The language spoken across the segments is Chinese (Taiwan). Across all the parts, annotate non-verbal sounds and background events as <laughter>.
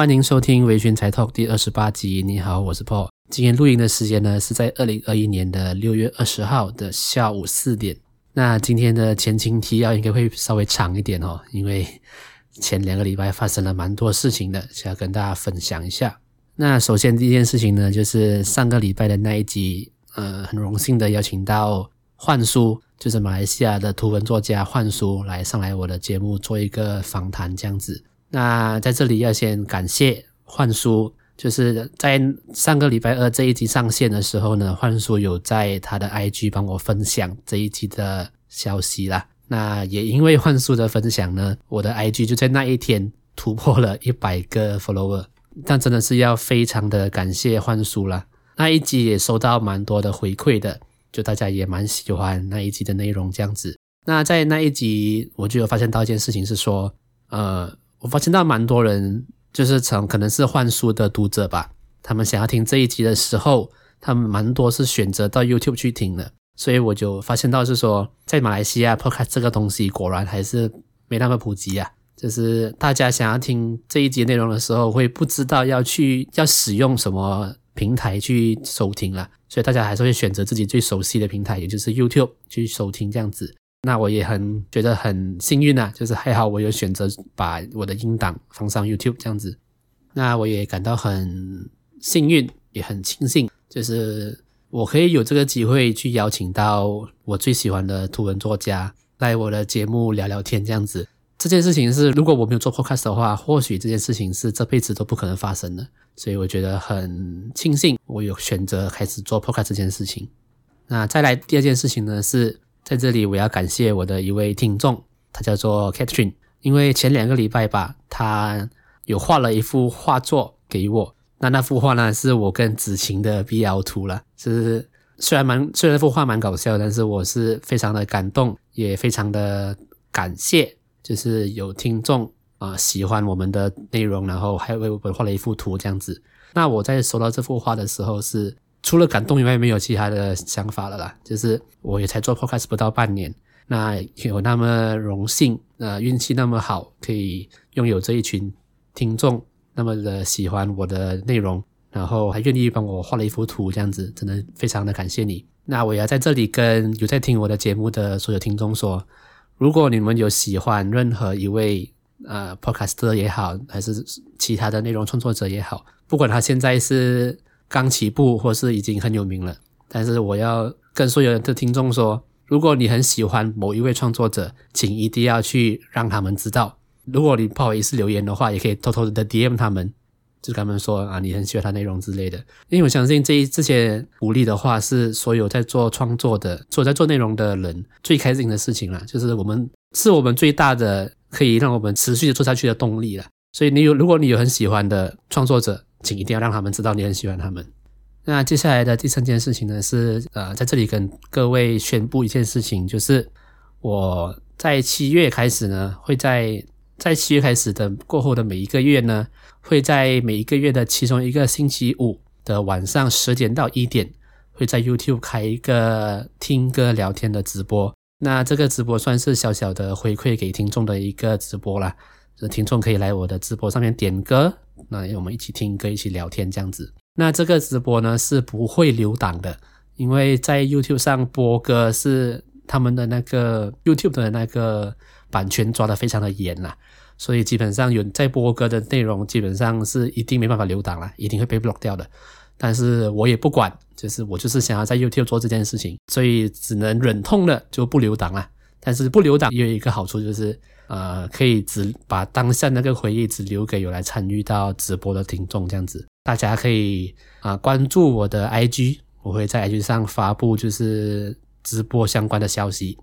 歡迎收聽《微醺宅 Talk》第二十八集。你好，我是 Paul。今天錄音的時間呢是在二零二一年的六月二十號的下午四點。那今天的前情提要應該會稍微長一點哦，因為前兩個禮拜發生了蠻多事情的，想要跟大家分享一下。那首先第一件事情呢，就是上個禮拜的那一集，呃，很榮幸的邀請到幻叔，就是馬來西亞的圖文作家幻叔來上來我的節目做一個訪談，這樣子。那在這裡要先感謝幻叔，就是在上個禮拜二這一集上線的時候呢，幻叔有在他的 IG 幫我分享這一集的消息啦。那也因為幻叔的分享呢，我的 IG 就在那一天突破了一百個 follower。但真的是要非常的感謝幻叔啦。那一集也收到蠻多的回饋的，就大家也蠻喜歡那一集的內容這樣子。那在那一集我就有發現到一件事情是說，呃。我發現到蠻多人，就是從可能是換書的讀者吧，他們想要聽這一集的時候，他們蠻多是選擇到 YouTube 去聽的，所以我就發現到是說，在馬來西亞 Podcast 這個東西果然還是沒那麼普及啊，就是大家想要聽這一集內容的時候，會不知道要去要使用什麼平台去收聽了，所以大家還是會選擇自己最熟悉的平台，也就是 YouTube 去收聽這樣子。那我也很覺得很幸運啊，就是還好我有選擇把我的音檔放上 YouTube 這樣子，那我也感到很幸運，也很慶幸，就是我可以有這個機會去邀請到我最喜歡的圖文作家來我的節目聊聊天這樣子。這件事情是，如果我沒有做 Podcast 的話，或許這件事情是這輩子都不可能發生的。所以我覺得很慶幸我有選擇開始做 Podcast 這件事情。那再來第二件事情呢是。在這裡，我要感謝我的一位聽眾，他叫做 Catherine，因為前兩個禮拜吧，他有畫了一幅畫作給我。那那幅畫呢，是我跟子晴的 BL 圖了。就是雖然蠻雖然那幅畫蠻搞笑，但是我是非常的感動，也非常的感謝，就是有聽眾啊、呃、喜歡我們的內容，然後還為我們畫了一幅圖這樣子。那我在收到這幅畫的時候是。除了感動以外，沒有其他的想法了啦。就是我也才做 podcast 不到半年，那有那麼榮幸，呃，運氣那麼好，可以擁有這一群聽眾，那麼的喜歡我的內容，然後還願意幫我畫了一幅圖，這樣子，真的非常的感謝你。那我也要在這裡跟有在聽我的節目的所有聽眾說，如果你們有喜歡任何一位呃 podcaster 也好，還是其他的內容創作者也好，不管他現在是。剛起步，或是已經很有名了。但是我要跟所有的聽眾說，如果你很喜歡某一位創作者，請一定要去讓他們知道。如果你不好意思留言的話，也可以偷偷的 DM 他們，就是跟他們說啊，你很喜歡他內容之類的。因為我相信這這些鼓勵的話，是所有在做創作的，所有在做內容的人最開心的事情啦。就是我們是我們最大的可以讓我們持續的做下去的動力啦。所以你有，如果你有很喜歡的創作者。請一定要讓他們知道你很喜歡他們。那接下來的第三件事情呢，是呃，在這裡跟各位宣布一件事情，就是我在七月開始呢，會在在七月開始的過後的每一個月呢，會在每一個月的其中一個星期五的晚上十點到一點，會在 YouTube 開一個聽歌聊天的直播。那這個直播算是小小的回饋給聽眾的一個直播啦，就聽眾可以來我的直播上面點歌。那我們一起聽歌，一起聊天，這樣子。那這個直播呢是不會留檔的，因為在 YouTube 上播歌是他們的那個 YouTube 的那個版權抓得非常的嚴吶、啊，所以基本上有在播歌的內容，基本上是一定沒辦法留檔了、啊，一定會被 block 掉的。但是我也不管，就是我就是想要在 YouTube 做這件事情，所以只能忍痛的就不留檔了、啊。但是不留檔也有一個好處，就是。呃，可以只把當下那個回憶只留給有來參與到直播的聽眾，這樣子，大家可以啊、呃、關注我的 IG，我會在 IG 上發布就是直播相關的消息。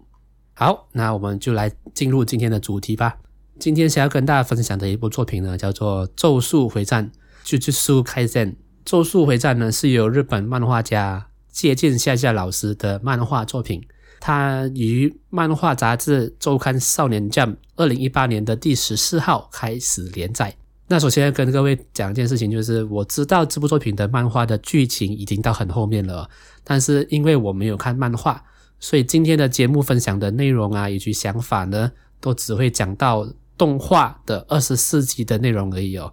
好，那我們就來進入今天的主題吧。今天想要跟大家分享的一部作品呢，叫做《咒術迴戰》。《咒術開戰》咒術迴戰呢，是由日本漫畫家芥見下下老師的漫畫作品。它於漫畫雜誌周刊《少年 Jump》二零一八年的第十四號開始連載。那首先跟各位講一件事情，就是我知道這部作品的漫畫的劇情已經到很後面了，但是因為我沒有看漫畫，所以今天的節目分享的內容啊以及想法呢，都只會講到動畫的二十四集的內容而已哦。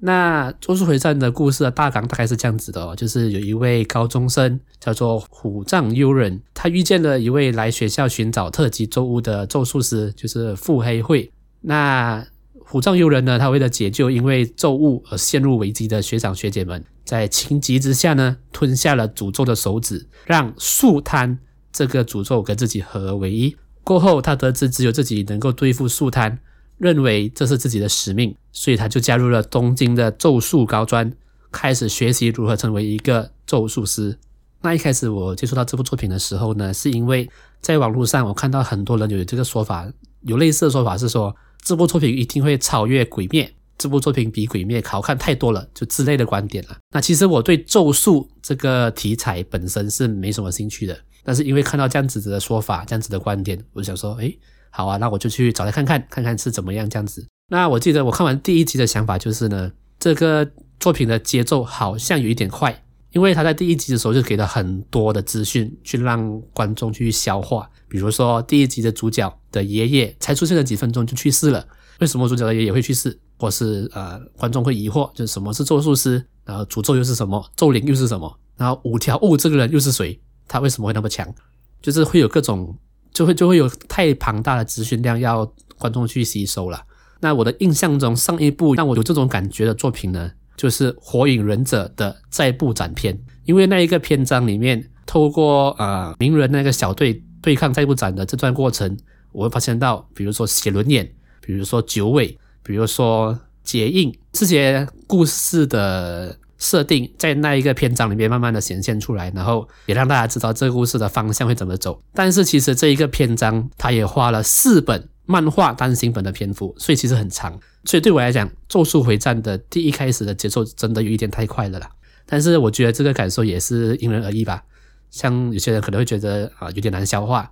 那咒術迴戰的故事的、啊、大綱大概是這樣子的哦，就是有一位高中生叫做虎杖悠仁，他遇見了一位來學校尋找特級咒物的咒術師，就是伏黑惠。那虎杖悠仁呢，他為了解救因為咒物而陷入危機的學長學姐們，在情急之下呢，吞下了詛咒的手指，讓宿儺這個詛咒跟自己合而為一。過後，他得知只有自己能夠對付宿儺，認為這是自己的使命，所以他就加入了東京的咒術高專，開始學習如何成為一個咒術師。那一開始我接觸到這部作品的時候呢，是因為在網絡上我看到很多人有這個說法，有類似的說法是說這部作品一定會超越《鬼滅》，這部作品比《鬼滅》好看太多了，就之類的觀點了。那其實我對咒術這個題材本身是沒什麼興趣的，但是因為看到這樣子的說法，這樣子的觀點，我就想說，哎。好啊，那我就去找來看看，看看是怎麼樣這樣子。那我記得我看完第一集的想法就是呢，這個作品的節奏好像有一點快，因為他在第一集的時候就給了很多的資訊去讓觀眾去消化。比如說第一集的主角的爺爺才出現了幾分鐘就去世了，為什麼主角的爺爺會去世？或是呃，觀眾會疑惑，就是什麼是咒術師，然後詛咒又是什麼，咒靈又是什麼，然後五條悟這個人又是誰？他為什麼會那麼強？就是會有各種。就會就會有太龐大的資訊量要觀眾去吸收了。那我的印象中，上一部讓我有這種感覺的作品呢，就是《火影忍者》的再不斬篇，因為那一個篇章裡面，透過呃鳴人那個小隊對抗再不斬的這段過程，我會發現到，比如說寫輪眼，比如說九尾，比如說結印這些故事的。設定在那一個篇章裡面慢慢的顯現出來，然後也讓大家知道這個故事的方向會怎麼走。但是其實這一個篇章它也花了四本漫畫單行本的篇幅，所以其實很長。所以對我來講，《咒術迴戰》的第一開始的節奏真的有一點太快了啦。但是我覺得這個感受也是因人而異吧。像有些人可能會覺得啊，有點難消化，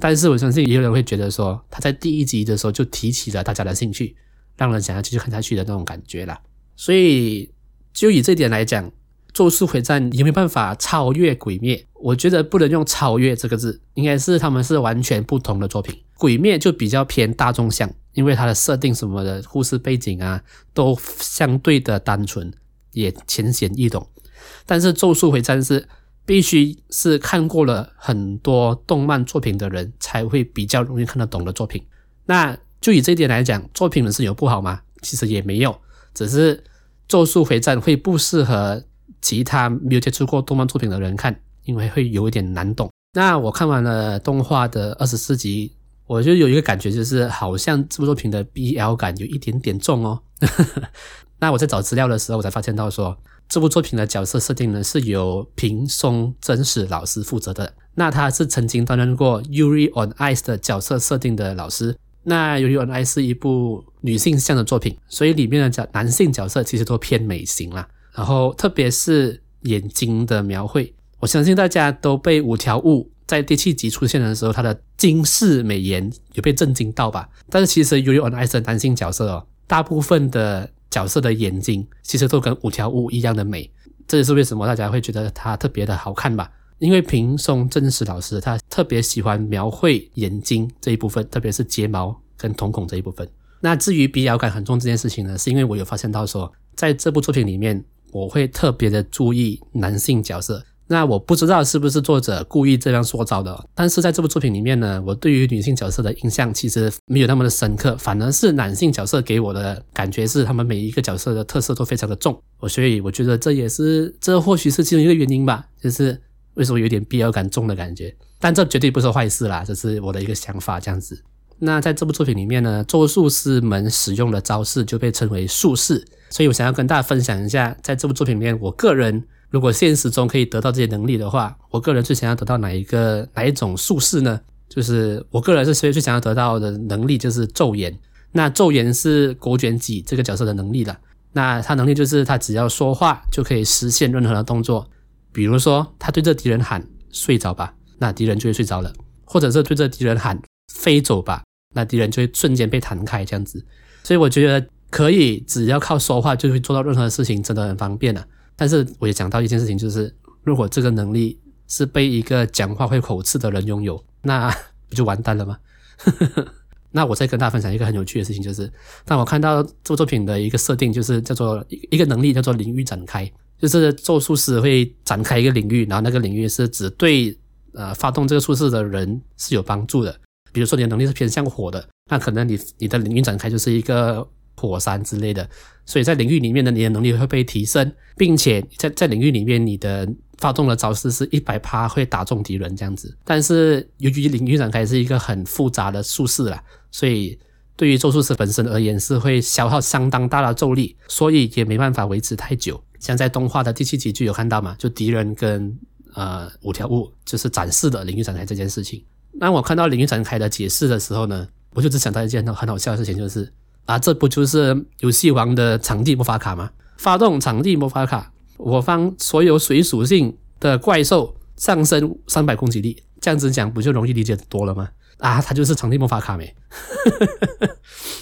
但是我相信也有人會覺得說他在第一集的時候就提起了大家的興趣，讓人想要繼續看下去的那種感覺啦。所以。就以這點來講，《咒術迴戰》有沒有辦法超越《鬼滅》？我覺得不能用“超越”這個字，應該是他們是完全不同的作品。《鬼滅》就比較偏大眾向，因為它的設定什麼的、故事背景啊，都相對的單純，也淺顯易懂。但是《咒術迴戰》是必須是看過了很多動漫作品的人才會比較容易看得懂的作品。那就以這一點來講，作品本身有不好嗎？其實也沒有，只是。咒術迴戰會不適合其他沒有接觸過動漫作品的人看，因為會有一點難懂。那我看完了動畫的二十四集，我就有一個感覺，就是好像這部作品的 BL 感有一點點重哦。 <laughs> 那我在找資料的時候，我才發現到說，這部作品的角色設定呢是由平松真史老師負責的。那他是曾經擔任過《Yuri on Ice》的角色設定的老師。那《咒術迴戰》是一部女性向的作品，所以裡面的角男性角色其實都偏美型啦。然後特別是眼睛的描繪，我相信大家都被五條悟在第七集出現的時候他的驚世美顏有被震驚到吧？但是其實《咒術迴戰》是男性角色哦，大部分的角色的眼睛其實都跟五條悟一樣的美，這也是為什麼大家會覺得它特別的好看吧。因為平松禎史老師他特別喜歡描繪眼睛這一部分，特別是睫毛跟瞳孔這一部分。那至於鼻梁感很重這件事情呢，是因為我有發現到說，在這部作品裡面，我會特別的注意男性角色。那我不知道是不是作者故意這樣塑造的，但是在這部作品裡面呢，我對於女性角色的印象其實沒有那麼的深刻，反而是男性角色給我的感覺是他們每一個角色的特色都非常的重。我所以我覺得這也是這或許是其中一個原因吧，就是。為什麼有點必要感重的感覺？但這絕對不是壞事啦，這是我的一個想法。這樣子，那在這部作品裡面呢，咒術師們使用的招式就被稱為術士。所以我想要跟大家分享一下，在這部作品裡面，我個人如果現實中可以得到這些能力的話，我個人最想要得到哪一個哪一種術士呢？就是我個人是所以最想要得到的能力就是咒言。那咒言是狗卷棘這個角色的能力了。那他能力就是他只要說話就可以實現任何的動作。比如說，他對著敵人喊“睡着吧”，那敵人就會睡着了；或者是對著敵人喊“飛走吧”，那敵人就會瞬間被彈開。這樣子，所以我覺得可以，只要靠說話，就會做到任何事情，真的很方便了，啊。但是我也講到一件事情，就是如果這個能力是被一個講話會口吃的人擁有，那不就完蛋了嗎？呵呵呵，那我再跟大家分享一個很有趣的事情，就是當我看到這部作品的一個設定，就是叫做一個能力叫做領域展開。就是咒術師會展開一個領域，然後那個領域是只對呃發動這個術式的人是有幫助的。比如說你的能力是偏向火的，那可能你你的領域展開就是一個火山之類的。所以在領域裡面的你的能力會被提升，並且在在領域裡面，你的發動的招式是一百趴會打中敵人這樣子。但是由於領域展開是一個很複雜的術式啦，所以對於咒術師本身而言是會消耗相當大的咒力，所以也沒辦法維持太久。像在動畫的第七集就有看到嘛，就敵人跟呃五條悟就是展示了領域展開這件事情。那我看到領域展開的解釋的時候呢，我就只想到一件很好笑的事情，就是啊，這不就是遊戲王的場地魔法卡嗎？發動場地魔法卡，我方所有水屬性的怪獸上升三百攻擊力。這樣子講不就容易理解多了嗎？啊，它就是場地魔法卡沒？ <laughs>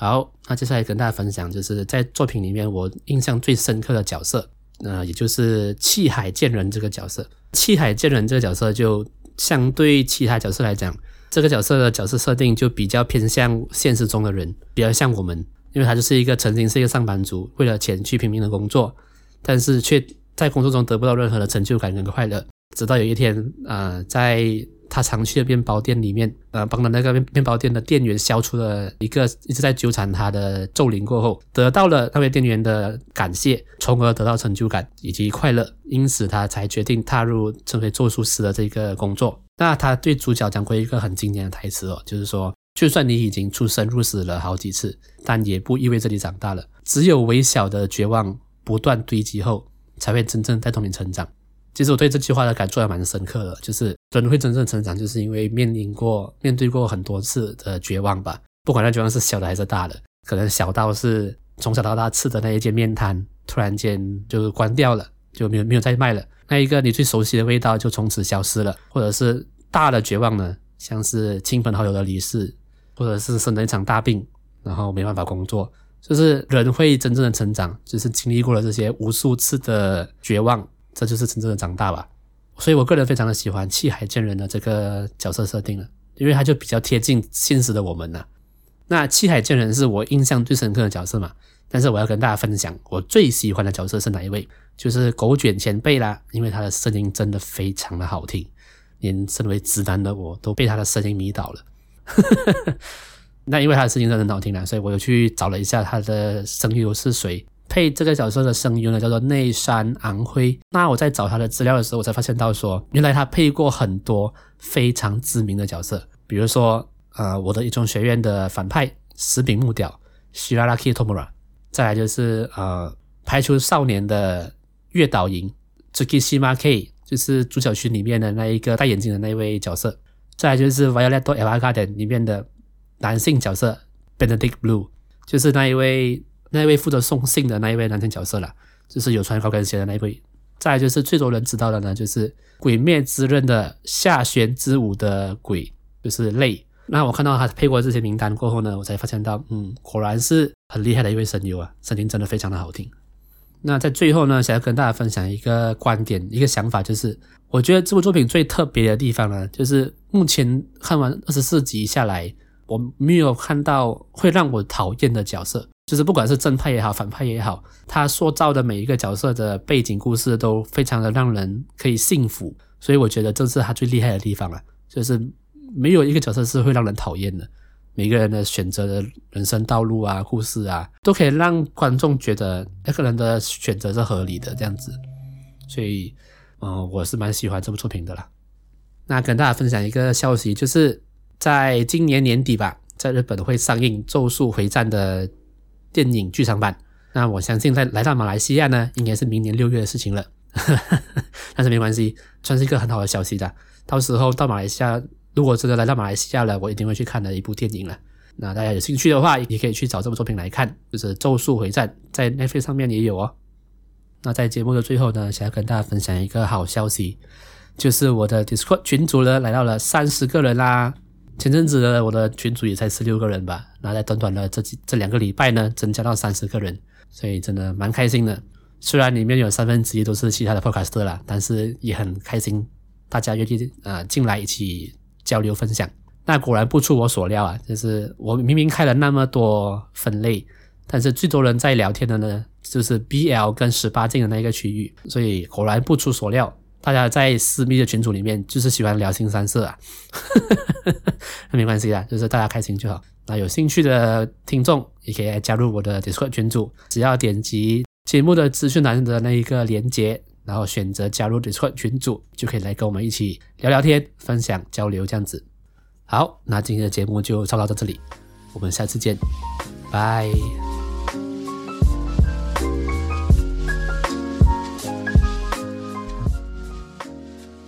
好，那、啊、接下來跟大家分享，就是在作品裡面我印象最深刻的角色，呃，也就是七海建人這個角色。七海建人這個角色就相對其他角色來講，這個角色的角色設定就比較偏向現實中的人，比較像我們，因為他就是一個曾經是一個上班族，為了錢去拼命的工作，但是卻在工作中得不到任何的成就感跟快樂。直到有一天，呃，在他常去的麵包店裡面，呃，幫了那個麵麵包店的店員消除了一個一直在糾纏他的咒靈過後，得到了那位店員的感謝，從而得到成就感以及快樂，因此他才決定踏入成為咒術師的這個工作。那他對主角講過一個很經典的台詞哦，就是說，就算你已經出生入死了好幾次，但也不意味着你長大了。只有微小的絕望不斷堆積後，才會真正帶動你成長。其實我對這句話的感觸還蠻深刻的，就是人會真正成長，就是因為面臨過、面對過很多次的絕望吧。不管那絕望是小的還是大的，可能小到是從小到大吃的那一間麵攤突然間就關掉了，就沒有沒有再賣了，那一個你最熟悉的味道就從此消失了，或者是大的絕望呢，像是親朋好友的離世，或者是生了一場大病，然後沒辦法工作。就是人會真正的成長，就是經歷過了這些無數次的絕望。這就是真正的長大吧，所以我個人非常的喜歡七海建人的這個角色設定了，因為他就比較貼近現實的我們吶、啊。那七海建人是我印象最深刻的角色嘛，但是我要跟大家分享我最喜歡的角色是哪一位，就是狗卷前輩啦，因為他的聲音真的非常的好聽，連身為直男的我都被他的聲音迷倒了。呵呵呵，那因為他的聲音真的很好聽啦、啊，所以我就去找了一下他的聲優是誰。配這個角色的聲音呢，叫做內山昂輝。那我在找他的資料的時候，我才發現到說，原來他配過很多非常知名的角色，比如說，呃，我的英雄學院的反派死柄木弔 Shigaraki Tomura，再來就是呃，排球少年的月島螢 Tsukishima Kei，就是主角群裡面的那一個戴眼鏡的那一位角色，再來就是 Violet Evergarden 裡面的男性角色 Benedict Blue，就是那一位。那一位負責送信的那一位男性角色啦，就是有穿高跟鞋的那一位。再來就是最多人知道的呢，就是《鬼滅之刃》的下弦之舞的鬼，就是累。那我看到他配過這些名單過後呢，我才發現到，嗯，果然是很厲害的一位聲優啊，聲音真的非常的好聽。那在最後呢，想要跟大家分享一個觀點，一個想法，就是我覺得這部作品最特別的地方呢，就是目前看完二十四集下來，我沒有看到會讓我討厭的角色。就是不管是正派也好，反派也好，他塑造的每一個角色的背景故事都非常的讓人可以信服，所以我覺得這是他最厲害的地方啊！就是沒有一個角色是會讓人討厭的，每個人的選擇的人生道路啊、故事啊，都可以讓觀眾覺得那個人的選擇是合理的這樣子。所以，嗯、呃，我是蠻喜歡這部作品的啦。那跟大家分享一個消息，就是在今年年底吧，在日本會上映《咒術回戰》的。電影劇場版，那我相信在來到馬來西亞呢，應該是明年六月的事情了。 <laughs> 但是沒關係，算是一個很好的消息的。到時候到馬來西亞，如果真的來到馬來西亞了，我一定會去看的一部電影了。那大家有興趣的話，也可以去找這部作品來看，就是《咒術回戰》在 Netflix 上面也有哦。那在節目的最後呢，想要跟大家分享一個好消息，就是我的 Discord 群組呢來到了三十個人啦。前陣子呢，我的群組也才十六個人吧，那在短短的這幾這兩個禮拜呢，增加到三十個人，所以真的蠻開心的。雖然裡面有三分之一都是其他的 podcast 了，但是也很開心，大家願意呃進來一起交流分享。那果然不出我所料啊，就是我明明開了那麼多分類，但是最多人在聊天的呢，就是 BL 跟十八禁的那一個區域，所以果然不出所料。大家在私密的群組裡面，就是喜歡聊“新三色”啊，那 <laughs> 沒關係啦，就是大家開心就好。那有興趣的聽眾也可以加入我的 Discord 群組，只要點擊節目的資訊欄的那一個鏈接，然後選擇加入 Discord 群組，就可以來跟我們一起聊聊天、分享交流這樣子。好，那今天的節目就到到這裡，我們下次見，拜。